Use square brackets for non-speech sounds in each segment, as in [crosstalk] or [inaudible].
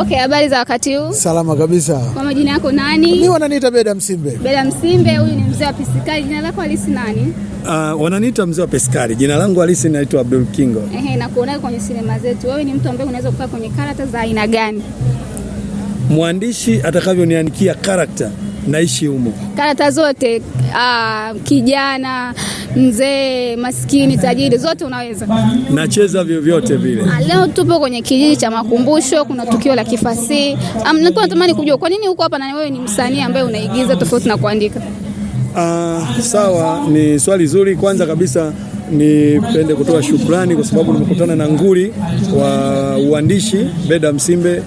Okay, habari za wakati huu? Salama kabisa. Kwa majina yako nani? Mimi wananiita Beda Msimbe. Beda Msimbe, huyu ni mzee wa Pisikari. Jina lako halisi nani? Uh, wananiita mzee wa Pisikari. Jina langu halisi naitwa Abdul Kingo. Ehe, na kuona kwenye sinema zetu. Wewe ni mtu ambaye unaweza kukaa kwenye karakta za aina gani? Mwandishi atakavyoniandikia karakta naishi humo karata zote aa, ah, kijana mzee, maskini, tajiri, zote unaweza, nacheza vyovyote vile. Ah, leo tupo kwenye kijiji cha Makumbusho, kuna tukio la kifasihi. Ah, Nilikuwa natamani kujua kwa nini huko hapa, na wewe ni msanii ambaye unaigiza tofauti na kuandika. Ah, sawa, ni swali zuri. Kwanza kabisa nipende kutoa shukrani kwa sababu nimekutana na nguli wa uandishi Beda Msimbe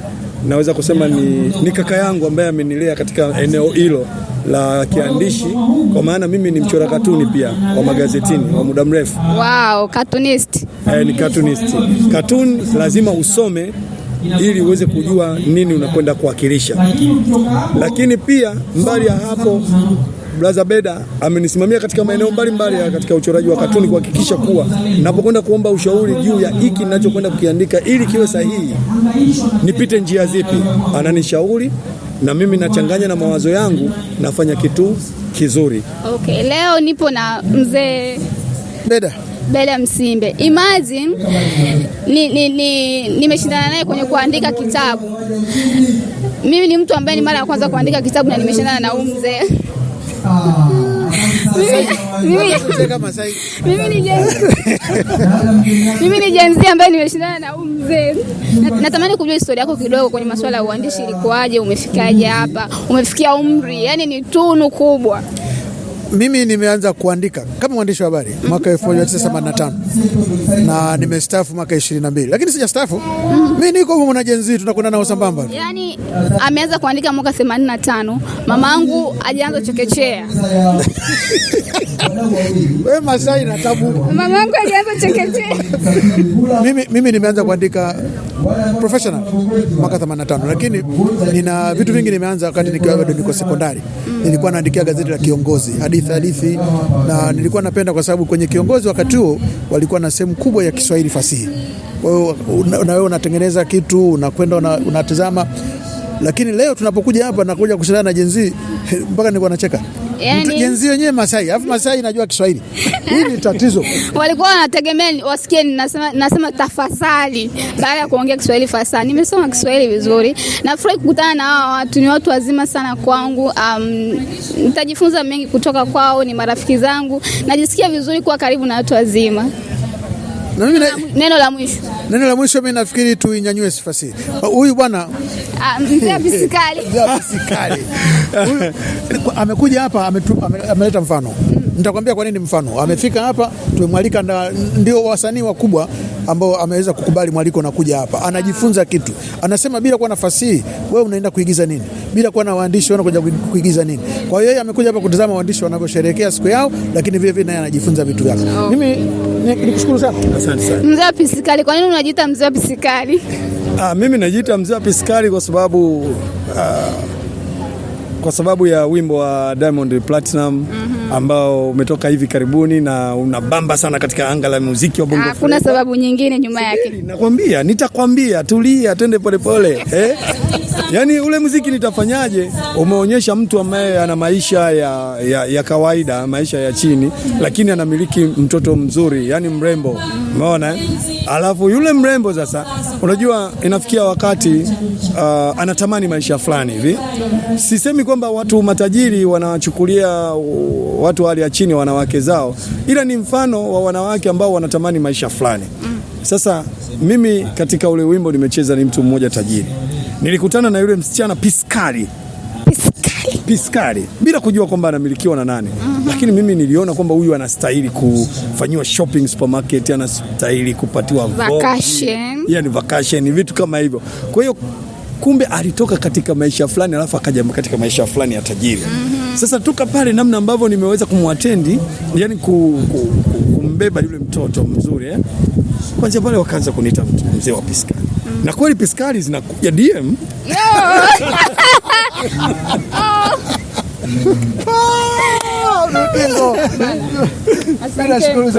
naweza kusema ni, ni kaka yangu ambaye amenilea katika eneo hilo la kiandishi, kwa maana mimi ni mchora katuni pia wa magazetini wa muda mrefu. Wow, cartoonist. Eh, ni cartoonist. Cartoon lazima usome ili uweze kujua nini unakwenda kuwakilisha, lakini pia mbali ya hapo Brother Beda amenisimamia katika maeneo mbalimbali katika uchoraji wa katuni kuhakikisha kuwa napokwenda kuomba ushauri juu ya hiki ninachokwenda kukiandika ili kiwe sahihi, nipite njia zipi, ananishauri na mimi nachanganya na mawazo yangu, nafanya kitu kizuri. Okay, leo nipo na mzee Beda Beda Msimbe. Imagine nimeshindana ni, ni, naye kwenye kuandika kitabu. Mimi ni mtu ambaye ni mara ya kwanza kuandika kitabu na nimeshindana na huyu mzee mimi ni jenzi ambaye nimeshindana na huyu mzee. Natamani kujua historia yako kidogo kwenye masuala ya uandishi, ilikuwaje? Umefikaje hapa? Umefikia umri, yani ni tunu kubwa mimi nimeanza kuandika kama mwandishi wa habari mwaka 1985 na nimestafu mwaka 22, lakini sija stafu Mimi niko huko na jenzi, tunakwenda nao sambamba. Yani ameanza kuandika mwaka 85, mamangu ajaanza chekechea. [laughs] Wewe Masai na tabu. Mamangu alianza chekechea. Mimi, mimi nimeanza kuandika professional mwaka 85, lakini nina vitu vingi nimeanza wakati nikiwa bado niko sekondari. Nilikuwa naandikia gazeti la Kiongozi hadi thalithi, na nilikuwa napenda kwa sababu kwenye Kiongozi wakati huo walikuwa na sehemu kubwa ya Kiswahili fasihi. Kwa hiyo na wewe unatengeneza kitu unakwenda unatizama una lakini leo tunapokuja hapa na kuja kushindana na jenzi mpaka nilikuwa nacheka yani... jenzi wenyewe Masai, alafu Masai najua Kiswahili hii ni tatizo. [laughs] Walikuwa wanategemea wasikie nasema, nasema tafasali baada ya kuongea Kiswahili fasaha. Nimesoma Kiswahili vizuri, nafurahi kukutana na hawa watu, ni watu wazima sana kwangu. Um, nitajifunza mengi kutoka kwao, ni marafiki zangu, najisikia vizuri kuwa karibu na watu wazima. Na mimi neno la mwisho, neno la mwisho mimi nafikiri tuinyanyue sifa hii. Ah, huyu bwana ah, [laughs] amekuja hapa ameleta mfano, nitakwambia kwa nini mfano. Amefika hapa tumemwalika, ndio wasanii wakubwa Mm. ambao ameweza kukubali mwaliko na kuja hapa, anajifunza kitu. Anasema bila kuwa nafasi hii wewe unaenda kuigiza nini? Bila kuwa na waandishi unakuja kuigiza nini? Kwa hiyo yeye amekuja hapa kutazama waandishi wanavyosherehekea siku yao, lakini vile vile naye anajifunza vitu vyake. Oh. Mimi nikushukuru sana, asante sana. Mzee Pisikali, kwa nini unajiita mzee Pisikali? Ah, mimi najiita mzee wa Pisikali kwa sababu ah, kwa sababu ya wimbo wa Diamond Platinum mm ambao umetoka hivi karibuni na unabamba sana katika anga la muziki wa bongo. Kuna sababu nyingine nyuma yake, nakwambia, nitakwambia. Tulia, twende polepole eh? Yaani ule muziki nitafanyaje, umeonyesha mtu ambaye ana maisha ya, ya, ya kawaida, maisha ya chini, lakini anamiliki mtoto mzuri, yani mrembo, umeona. Eh? Alafu yule mrembo sasa, unajua inafikia wakati uh, anatamani maisha fulani hivi. Sisemi kwamba watu matajiri wanachukulia uh, watu wa hali ya chini, wanawake zao, ila ni mfano wa wanawake ambao wanatamani maisha fulani. Sasa mimi katika ule wimbo nimecheza ni mtu mmoja tajiri, nilikutana na yule msichana piskari piskari, bila kujua kwamba anamilikiwa na nani mm -hmm. Lakini mimi niliona kwamba huyu anastahili kufanyiwa shopping supermarket, anastahili kupatiwa vacation, yani vacation, vitu kama hivyo. Kwa hiyo kumbe alitoka katika maisha fulani alafu akaja katika maisha fulani ya tajiri. Mhm. Sasa toka pale, namna ambavyo nimeweza kumwatendi, yani ku, ku, ku, kumbeba yule mtoto mzuri eh? Kwanza pale wakaanza kuniita mzee wa piskari mm. Na kweli piskari zinakuja DM [laughs]